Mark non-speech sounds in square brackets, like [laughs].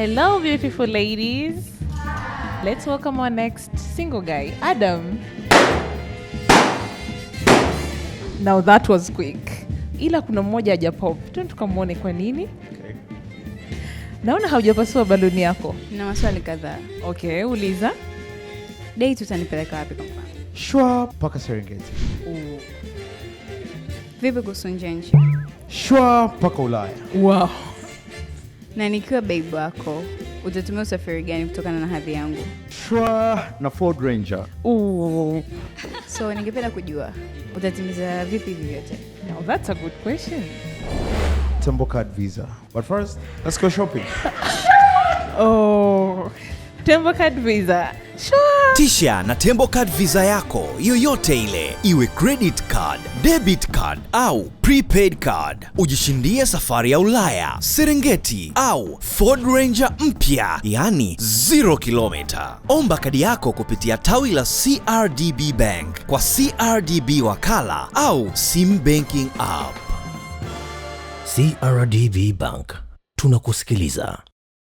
Hello, beautiful ladies. Let's welcome our next single guy, Adam. Now that was quick, ila kuna mmoja pop. twende tukamwone kwa nini. Okay. Naona haujapasua baluni yako. Na maswali kadhaa. Okay, uliza. Date utanipeleka wapi kwa mfano? Shwa mpaka Serengeti. Vipi kuhusu nje nje? Shwa mpaka Ulaya. Wow. Na nikiwa babe wako utatumia usafiri gani kutokana na hadhi yangu? Shwa na Ford Ranger. Ooh. So ningependa kujua utatimiza vipi hivi vyote? Now that's a good question. Tembo card visa. But first, let's go shopping. [laughs] Oh. Tembo Card Visa. Sure. Tisha na Tembo Card Visa yako yoyote ile, iwe credit card, debit card au prepaid card, ujishindie safari ya Ulaya, Serengeti au Ford Ranger mpya, yani zero kilomita. Omba kadi yako kupitia tawi la CRDB Bank kwa CRDB wakala au sim banking app. CRDB Bank, tunakusikiliza.